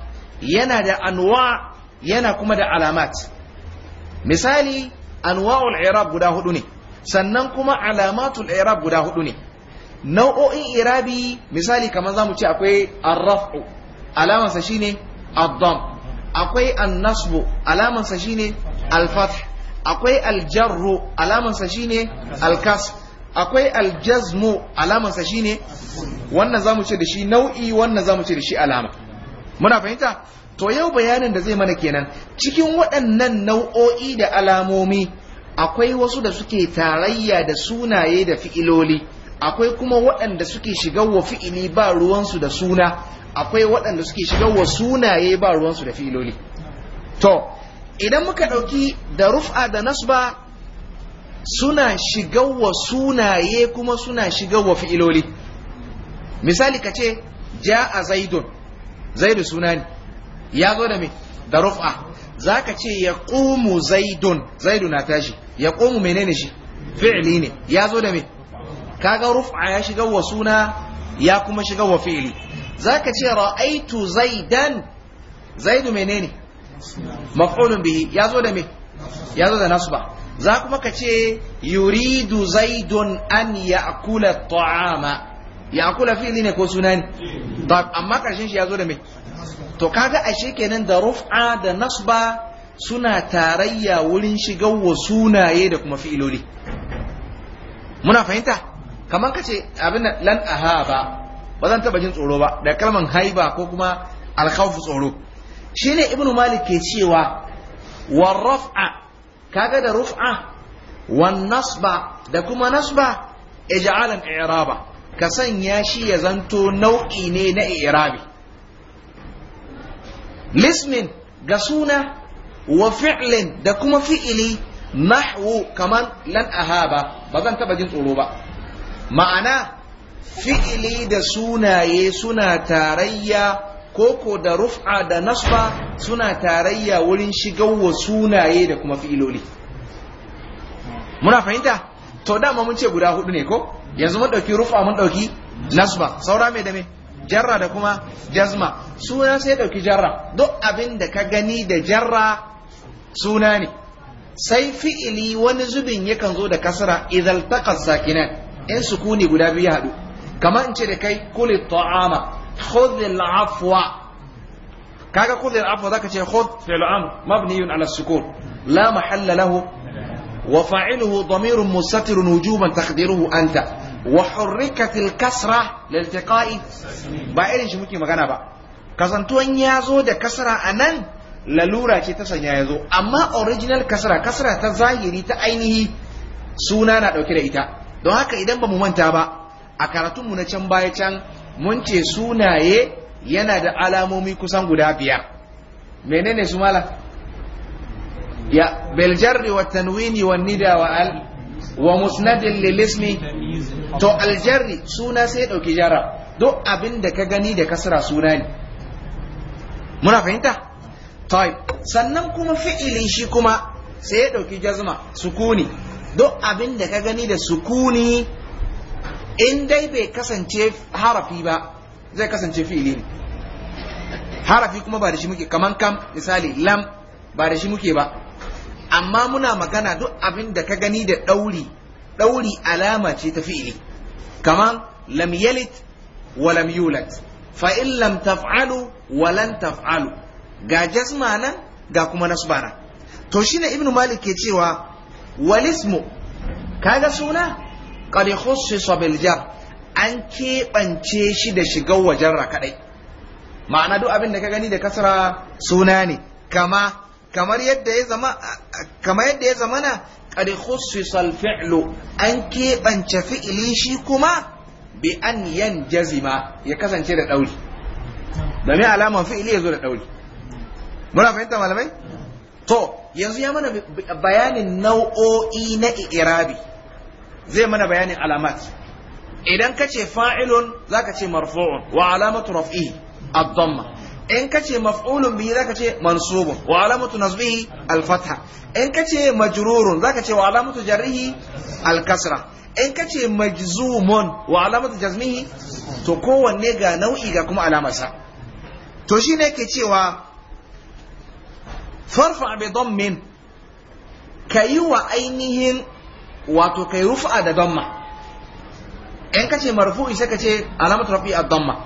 yana da anwa yana kuma da alamat misali anwa'ul irab guda hudu ne sannan kuma alamatul irab guda hudu ne nau'o'in irabi misali kamar zamu ce akwai arraf'u alamansa shine addam akwai annasbu alamansa shine alfath akwai aljarru alamansa shine alkas akwai aljazmu alamansa shine wannan zamu ce da shi nau'i wannan zamu ce da shi alama muna fahimta to yau bayanin da zai mana kenan cikin waɗannan nau'o'i da alamomi akwai wasu da suke tarayya da sunaye da fi'iloli akwai kuma waɗanda suke shigar wa fi'ili ba ruwansu da suna akwai waɗanda suke shiga wa sunaye ba ruwansu da filoli to idan muka ɗauki da rufa da nasba suna shiga wa sunaye kuma suna shiga wa filoli misali ka ce ja a zaidun zaidu suna ne ya zo da me da rufa za ka ce ya ƙomu zaidun zaidu na tashi ya ƙumu menene shi fi'ili ne ya zo da me kaga rufa ya shiga wa suna ya kuma shiga wa fi'ili zaka ce ra'aitu zaidan zaidu menene maf'ulun bihi yazo da me yazo da nasba za kuma ka ce yuridu zaidun an ya'kula at'ama ya'kula fi'li ne ko suna ne amma karshen shi yazo da me to kaga ashe kenan da ruf'a da nasba suna tarayya wurin shigar wa sunaye da kuma fi'iloli muna fahimta kamar ka ce abin lan ahaba ba zan taba jin tsoro ba da kalman haiba ko kuma alkhawf tsoro shine ibnu malik ke cewa war raf'a kaga da ruf'a wan nasba da kuma nasba ij'alan i'raba ka sanya shi ya zanto nau'i ne na i'rabi lismin ga suna wa fi'lin da kuma fi'ili nahwu kaman lan ahaba ba zan taba jin tsoro ba ma'ana fi'ili da sunaye suna tarayya koko da rufa da nasba suna tarayya wurin wa sunaye da kuma fi'iloli muna fahimta to dama mun ce guda hudu ne ko yanzu mun dauki rufa mun dauki nasba saura me da jarra da kuma jazma suna sai dauki jarra duk abin da ka gani da jarra suna ne sai fi'ili wani zubin yakan zo da kasra idal taqas sakinan in sukuni guda biyu haɗu kamar in ce da kai kuli ta'ama khudh al-afwa kaga khudh al-afwa zaka ce khudh fi'l amr mabniyun ala sukun la mahalla lahu wa fa'iluhu damirun mustatirun wujuban taqdiruhu anta وحركت الكسرة لالتقاء ba irin shi muke magana ba kasantuwan ya zo da kasra a nan lalura ce ta sanya ya zo amma original kasra kasra ta zahiri ta ainihi suna na ɗauke da ita don haka idan ba mu manta ba a karatunmu na can baya can mun ce sunaye yana da alamomi kusan guda biyar menene su mala ya beljarri wa tanwini wa nida wa al wa musnadin lilismi to aljarri suna sai ɗauki jara duk abin da ka gani da kasra suna ne muna fahimta tai sannan kuma fi'ilin shi kuma sai ya ɗauki jazma sukuni duk abin da ka gani da sukuni in dai bai kasance harafi ba zai kasance fi'ili ne harafi kuma ba da shi muke kaman kam misali lam ba da shi muke ba amma muna magana duk abin da ka gani da ɗauri ɗauri alama ce ta fi'ili kaman lam yalit wa lam yulat fa in lam taf'alu wa lan taf'alu ga jazma nan ga kuma nasbana to shine ibnu malik ke cewa walismu kaga suna qad khussisa bil jar an keɓance shi da shigar wajen kaɗai ma'ana duk abin da ka gani da kasra suna ne kama kamar yadda ya zama kamar yadda ya zama na qad khussisa al fi'lu an keɓance fi'ili shi kuma bi an yanjazima ya kasance da dauri ne alaman fi'ili ya zo da dauri muna fahimta malamai to yanzu ya mana bayanin nau'o'i na irabi zai mana bayanin alamat idan ka ce fa'ilun za ka ce marfu'un wa alamatu raf'i ad in ka ce maf'ulun za ka ce mansubun wa alamatu nasbihi al-fatha in ka ce majrurun ka ce wa alamatu jarrihi al in ka ce majzumun wa alamatu jazmihi to kowanne ga nau'i ga kuma alamarsa to shine ke cewa farfa bi dhammin kayi wa ainihin wato kai rufa da damma in kace marfu'i sai kace alamat ad damma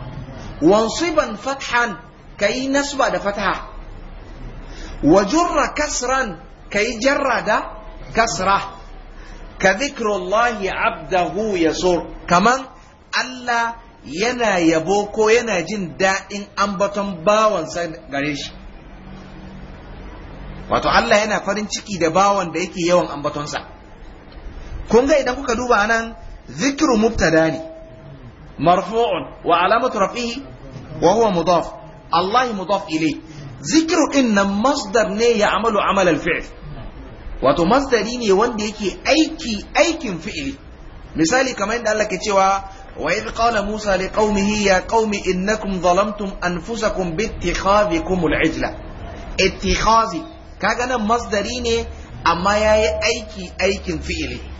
wansiban fathan kai nasba da fatha wa jarra kasran kai jarra da kasra ka dhikrullahi abdahu yasur kaman Allah yana yabo ko yana jin daɗin ambaton bawansa gare shi wato Allah yana farin ciki da bawan da yake yawan ambatonsa kun ga idan kuka duba nan zikiru mubtada ne marfu'un wa alamatu rafihi wa huwa mudaf Allah mudaf ilay zikiru din nan masdar ne ya amalu amal al-fi'l wato masdari ne wanda yake aiki aikin fi'ili misali kamar yadda Allah ke cewa wa idh qala Musa li qaumihi ya qaumi innakum zalamtum anfusakum bi ittikhadhikum al-ijla ittikhazi kaga nan masdari ne amma yayi aiki aikin fi'ili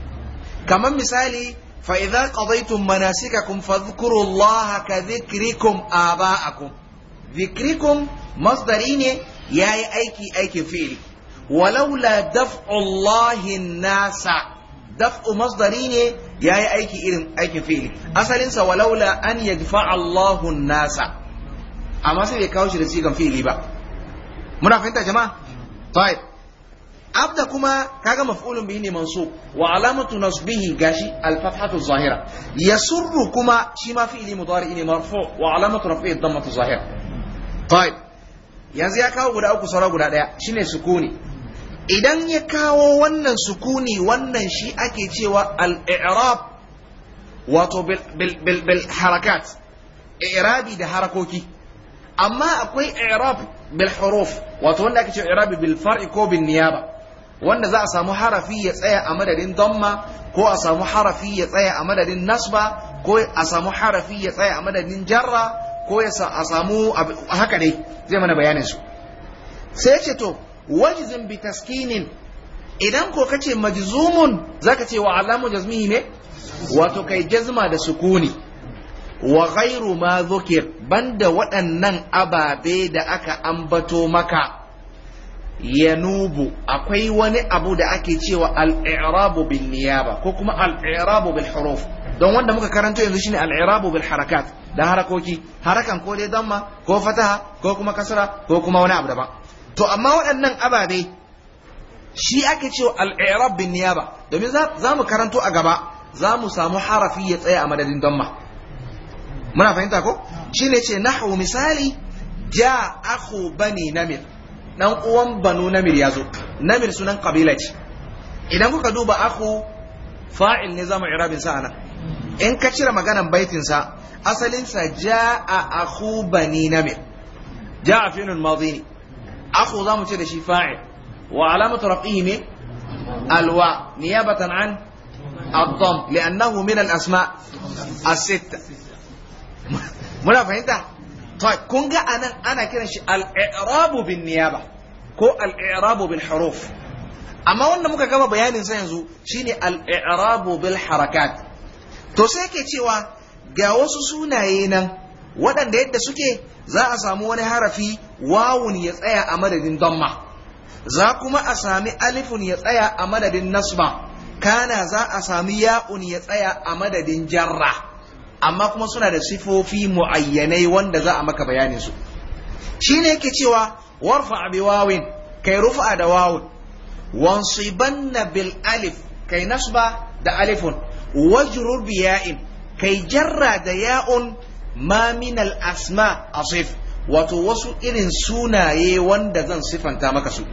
kamar misali fa idza qadaytum manasikakum fadhkuru Allah ka dhikrikum aba'akum dhikrikum masdari ne yayi aiki aikin fi'li walaula daf'u Allah nasa daf'u masdari ne yayi aiki irin aikin fi'li asalin sa walaula an yadfa Allah nasa amma sai bai kawo shi da sigan fi'li ba muna fahimta jama'a طيب abda kuma kaga maf'ulun bihi ne mansub wa alamatu nasbihi gashi al-fathatu zahira yasurru kuma shi ma fi'li mudari ne marfu wa alamatu rafi'i dhammatu zahira طيب yanzu ya kawo guda uku saura guda daya shine sukuni idan ya kawo wannan sukuni wannan shi ake cewa al-i'rab wato bil bil harakat i'rabi da harakoki amma akwai i'rab bil huruf wato wanda ake cewa i'rabi bil far'i ko bin niyaba wanda za a samu harafi ya tsaya a madadin damma ko a samu harafi ya tsaya a madadin nasba ko a samu harafi ya tsaya a madadin jarra ko a samu haka dai zai mana bayanin su sai ce to wajizin bi idan ko kace majzumun zaka ce wa alamu jazmihi ne wato kai jazma da sukuni wa ghairu ma dhukir banda waɗannan ababe da aka ambato maka yanubu akwai wani abu da ake cewa al-i'rabu bin niyaba ko kuma al-i'rabu bil huruf don wanda muka karanto yanzu shine al-i'rabu bil harakat da harakoki harakan ko dai damma ko fataha ko kuma kasra ko kuma wani abu daban to amma waɗannan ababe shi ake cewa al-i'rab bin niyaba domin za mu karanto a gaba za mu samu harafi ya tsaya a madadin damma muna fahimta ko shine ce nahwu misali ja akhu bani namir dan uwan banu namir ya zo namir sunan kabila ce idan kuka duba aku fa'il ne zama irabin sa ana in ka cire maganan baitin sa asalin sa ja'a aku bani namir ja'a fi'lun madhi ne aku zamu ce da shi fa'il wa alamatu raqihi ne alwa niyabatan an الضم لأنه من الأسماء الستة muna fahimta kun ga anan ana kiran shi al bin niyaba ko al-i'rabu amma wanda muka gama bayanin sa yanzu shine al bil harakat to sai yake cewa ga wasu sunaye nan waɗanda yadda suke za a samu wani harafi wawun ya tsaya a madadin damma za kuma a sami alifun ya tsaya a madadin nasba kana za a sami ya'un ya tsaya a madadin jarra amma kuma suna da sifofi muayyanai wanda za a maka bayanin su ne yake cewa warfa bi wawin kai rufa da wawun wansibanna bil alif kai nasba da alifun wajrur bi ya'in kai jarra da ya'un ma min al asma asif wato wasu irin sunaye wanda zan sifanta maka su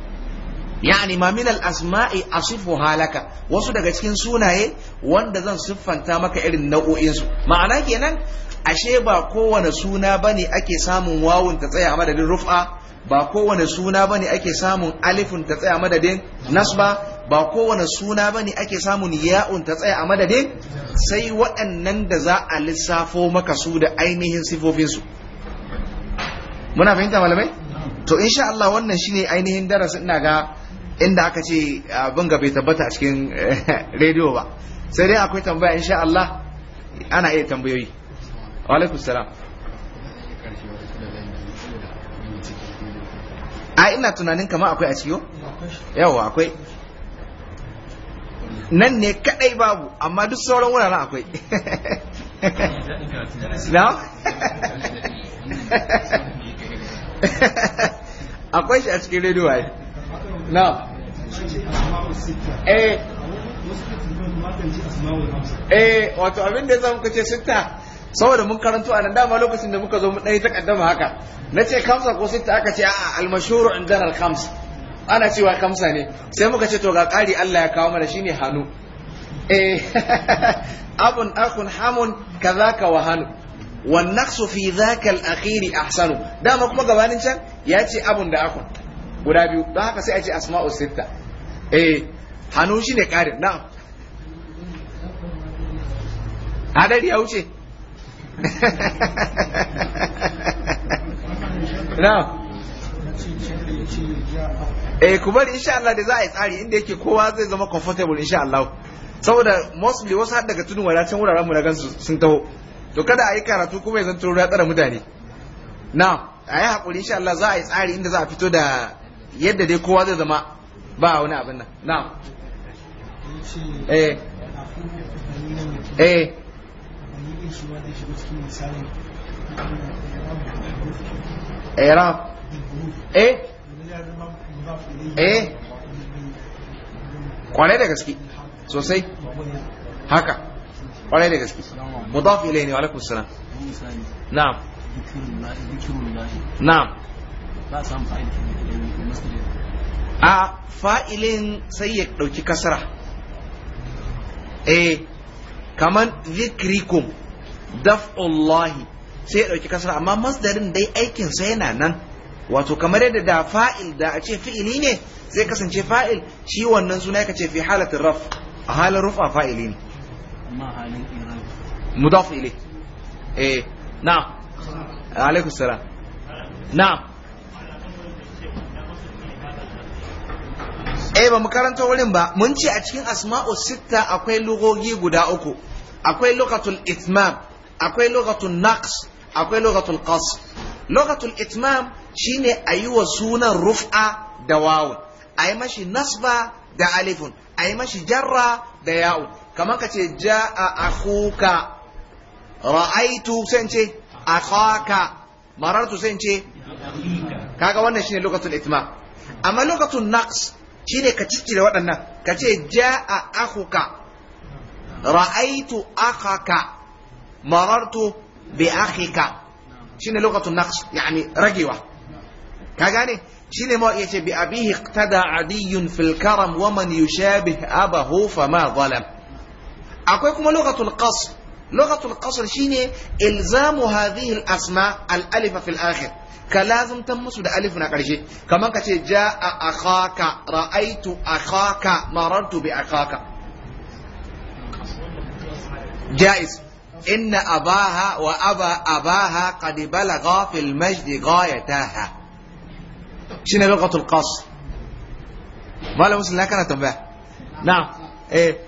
yani ma min al-asma'i asifu halaka wasu daga cikin sunaye wanda zan siffanta maka irin nau'o'in su ma'ana kenan ashe ba kowane suna bane ake samun wawun ta tsaya madadin rufa ba kowane suna bane ake samun alifun ta tsaya madadin nasba ba kowane suna bane ake samun ya'un ta tsaya a madadin sai waɗannan da za a lissafo maka su da ainihin sifofin su muna fahimta malamai to insha Allah wannan shine ainihin darasin ina ga inda aka ce ah, abin ga bai tabbata a cikin eh, rediyo ba sai dai akwai tambaya insha Allah ana iya tambayoyi wa alaikum salam a ina tunanin kama akwai a ciyo yawa akwai nan ne kadai babu amma duk sauran wuraren akwai akwai shi a cikin rediyo na eh. Eh, wato abin da ya kace sitta saboda mun karanto a nan dama lokacin da muka zo mu ɗaya takaddama haka na ce kamsa ko sitta aka ce a'a almashuru janar alkhams ana cewa kamsa ne sai muka ce to ga ƙari Allah ya kawo mana shine hannu eh abun akun hamun kazaka wa hannu wan naqsu fi dhaka al-akhir ahsanu dama kuma gabanin can ya ce abun da akun guda biyu don haka sai a ce asma'u sitta eh hannun shi ne ƙarin na hadari ya wuce na eh ku bari insha Allah da za a yi tsari inda yake kowa zai zama comfortable insha Allah saboda mostly wasu har daga tudun wadatun wuraren mu na gansu sun taho to kada a yi karatu kuma ya turo ya tsara mutane na a yi haƙuri insha Allah za a yi tsari inda za a fito da yadda dai kowa zai zama ba wani abin nan na eh eh Iraq eh eh kwarai da gaske sosai haka kwarai da gaske mudaf ilayni wa alaikum salam na'am na'am ba a fa'ilin sai ya ɗauki kasara eh kaman zikrikum daf'ullahi sai ya ɗauki kasara amma masdarin dai aikin sai yana nan wato kamar yadda da fa'il da a ce fi'ili ne zai kasance fa'il shi wannan suna ya kace fi halatin raf a halin rufa fa'ili ne mudaf eh na alaikum na eh ba mu karanta wurin ba mun ce a cikin asma'u sitta akwai lugogi guda uku akwai lugatul itmam akwai lugatul naqs akwai lugatul qas lugatul itmam shine ayi wa sunan ruf'a da wawun ayi mashi nasba da alifun ayi mashi jarra da ya'un kamar ka ce ja'a akhuka ra'aitu sai ce akhaka marartu sai ce kaga wannan shine lugatul itmam amma lokacin naqs shine ka ciccire waɗannan ka ce a ka. ra'aitu akhaka marartu bi akhika lokacin yani ragewa ka gane shine ma yace bi abihi iqtada adiyun fil karam wa man yushabih abahu fama zalam akwai kuma lokacin qasr لغة القصر شيني إلزام هذه الأسماء الألف في الآخر كلازم تمس ده ألف كما كمان كشي جاء أخاك رأيت أخاك مررت بأخاك جائز إن أباها وأبا أباها قد بلغا في المجد غايتاها شنو لغة القصر ما لو مسلم كانت تنبه نعم ايه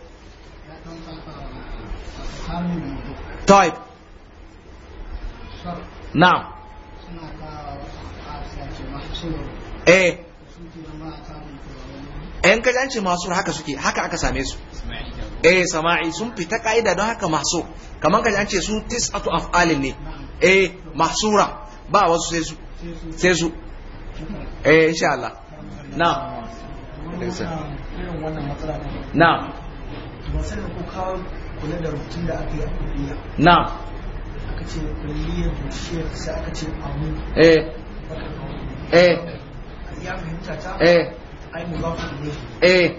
طيب نعم eh yan kaji an ce masu haka suke haka aka same su eh sama'i sun fita ka'ida don haka masu kamar kaji an ce su tis'atu af'alin ne eh mahsura ba wasu sai su sai su eh insha Allah na na kula da rubutun da aka yi a kulliya na aka ce kulliyar da shek sai aka ce abu eh eh ya fahimta ta eh ai mu ba ku ne eh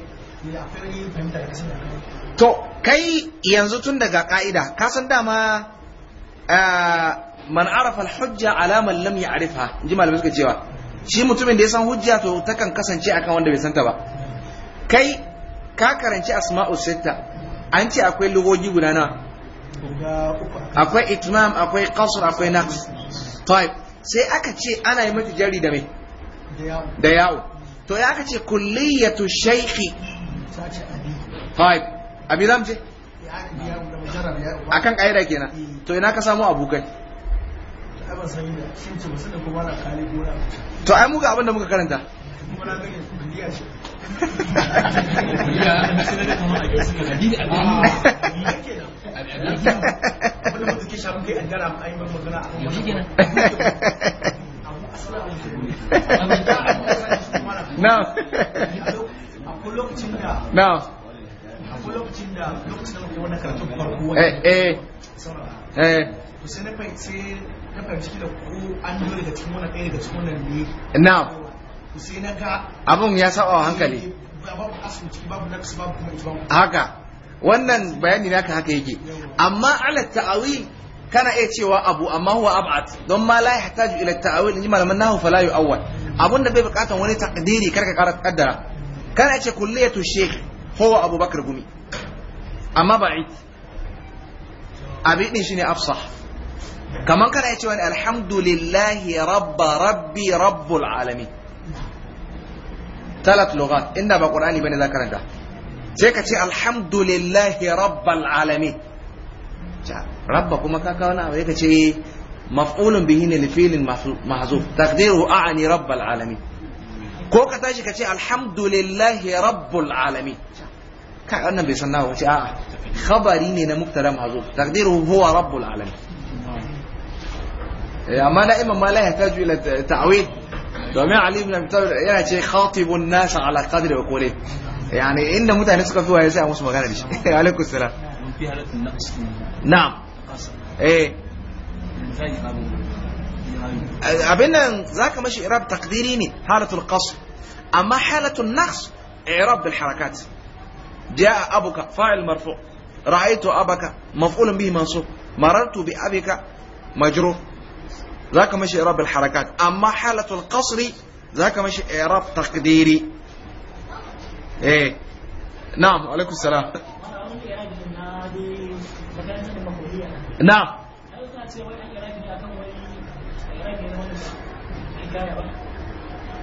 to kai yanzu tun daga ka'ida ka san dama eh, man arafa al-hujja ala man lam ya'rifha inji malamai suka cewa shi mutumin da ya san hujja to takan kasance akan wanda bai santa ba kai ka karanci asma'u sitta an ce akwai lugogi guda nawa akwai itmam akwai qasr akwai naqs طيب sai aka ce ana yi mata jari da mai da yawo to ya aka ce kulliyatu shaykhi طيب abi zam ce akan kaida kenan eh. to ina ka samu abokai to ai muga abin da muka karanta Eh, eh. Eh. na na yi sai abun ya saba wa hankali haka wannan bayani naka haka yake amma ala ta'awi kana iya cewa abu amma huwa ab'at don ma la yahtaju ila ta'awil ni malaman nahu fala yu'awwal abun da bai bukatan wani takdiri karka kara kaddara kana ce kulliyatu shaykh huwa abubakar gumi amma ba'id abin din shine afsah kaman kana iya cewa alhamdulillahi rabba rabbi rabbul alamin talat lughat inda ba ba bane za karanta sai ka ce alhamdulillahi rabbil alamin rabba kuma ka kawo ka ce maf'ulun bihi ne li fi'lin mahzuf taqdiruhu a'ani rabbil ko ka tashi ka ce alhamdulillahi rabbul alamin kai wannan bai san nawa ce a'a khabari ne na mubtada huwa rabbul eh, ma domin ali ibn abi talib yana ce khatibun nas ala qadri wa quli yani inda mutane suka fi waye sai a musu magana da shi alaikum salam na'am eh abin nan zaka mashi irab taqdiri ne halatul qasr amma halatul naqs i'rab bil harakat jaa abuka fa'il marfu ra'aytu abaka maf'ulun bihi mansub marartu bi abika majrur ذاك ماشي إعراب الحركات أما حالة القصر ذاك ماشي إعراب تقديري إيه نعم وعليكم السلام نعم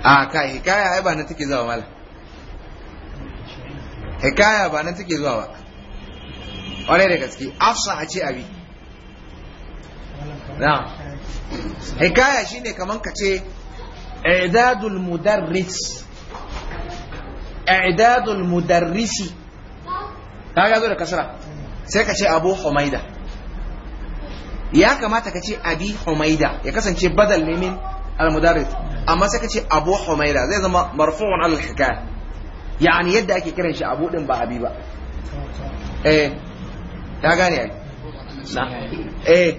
آه كاي حكاية أبا نتكي زوا مالا حكاية أبا نتكي زوا ولا ريكسكي أفصح أشي أبي نعم hikaya shi ne kamar ka ce i'dadul mudarris i'dadul mudarrisi kaga zo da kasara sai ka ce abu humaida ya kamata ka ce abi humaida ya kasance badal ne min al-mudarris amma sai ka ce abu humaida zai zama marfu'un al hikaya yani yadda ake kiran shi abu din ba abi ba eh ta gane ai na eh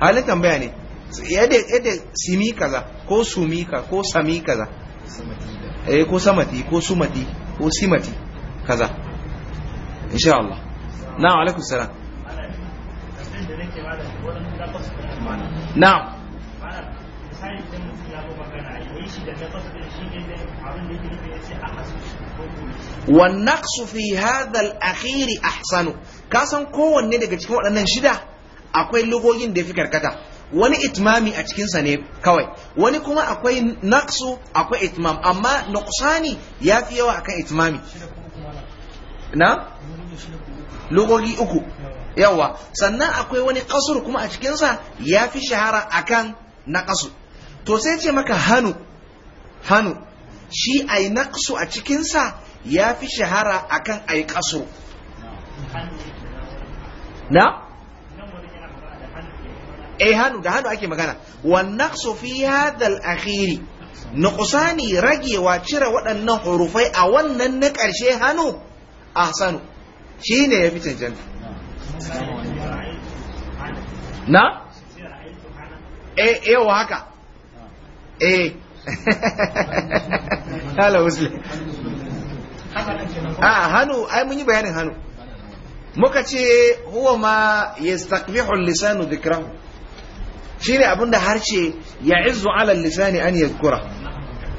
halin tambaya ne yadda simi kaza ko sumika ko sami kaza eh ko samati ko sumati ko simati kaza insha Allah na'am alaikum salam na'am والنقص في هذا الأخير أحسن كاسن kowanne daga cikin waɗannan shida. akwai lugogin da ya fi karkata wani itmami a cikinsa ne kawai wani kuma akwai naqsu akwai itmam amma nuqsani ya fi yawa akan itmami na lugogi uku yawa sannan akwai wani kasur kuma a cikinsa ya fi shahara akan naqasu to sai ce maka hannu hannu shi ai naqsu a cikinsa ya fi shahara akan ai kasur na eh hannu da hannu ake magana wan naqsu fi hadha akhiri nuqsani ragewa cire waɗannan hurufai a wannan na ƙarshe hannu ahsanu shine yafi cancanta na eh yawa haka eh hala muslim a ah, hannu ai mun yi bayanin hannu muka ce huwa ma yastaqbihu lisanu dhikrahu shine abinda harshe ya izu ala lisani an yadkura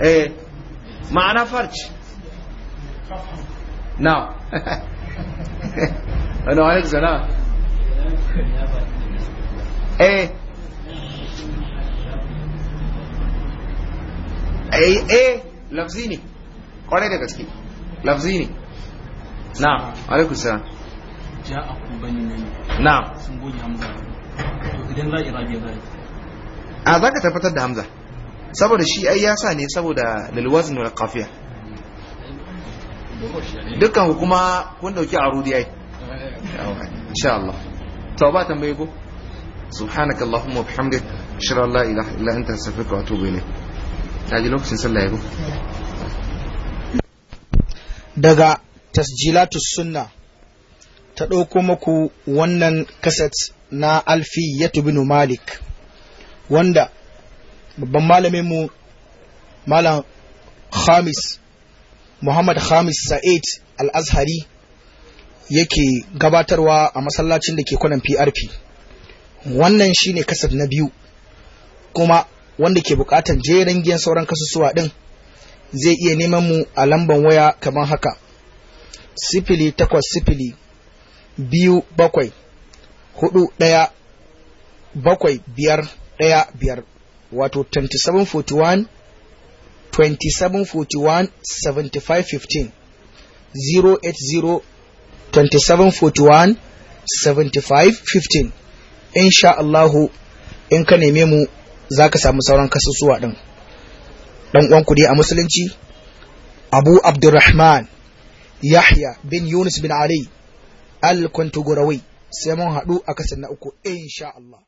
eh ma'ana farci na ana wani zana eh eh eh lafzi ne kwarai da gaske lafzi ne na alaikusa ja bani na sun goge hamza idan za irabi ba zaka tabbatar da hamza saboda shi ai yasa ne saboda lil wazn wal qafiya dukkan ku kuma kun dauki arudi ai insha Allah to ba tambaye ko subhanaka allahumma wa bihamdik ashhadu an daga tasjilatus sunna ta ɗauko maku wannan kaset na alfiyatu bin malik wanda babban malamin mu malam khamis muhammad khamis sa'id al-azhari yake gabatarwa a masallacin da ke kwanan prp wannan shine kasar na biyu kuma wanda ke bukatan jeren giyan sauran kasusuwa din zai iya neman mu a lamban waya kamar haka sifili takwas sifili biyu bakwai hudu daya bakwai biyar daya biyar wato 2741 2741 7515 080 2741 7515 insha Allahu in ka neme mu za ka samu sauran kasusuwa ɗin ɗan uwanku dai a musulunci abu abdurrahman yahya bin yunus bin ali al-kwantogorowi sai mun haɗu a kasar na uku insha Allah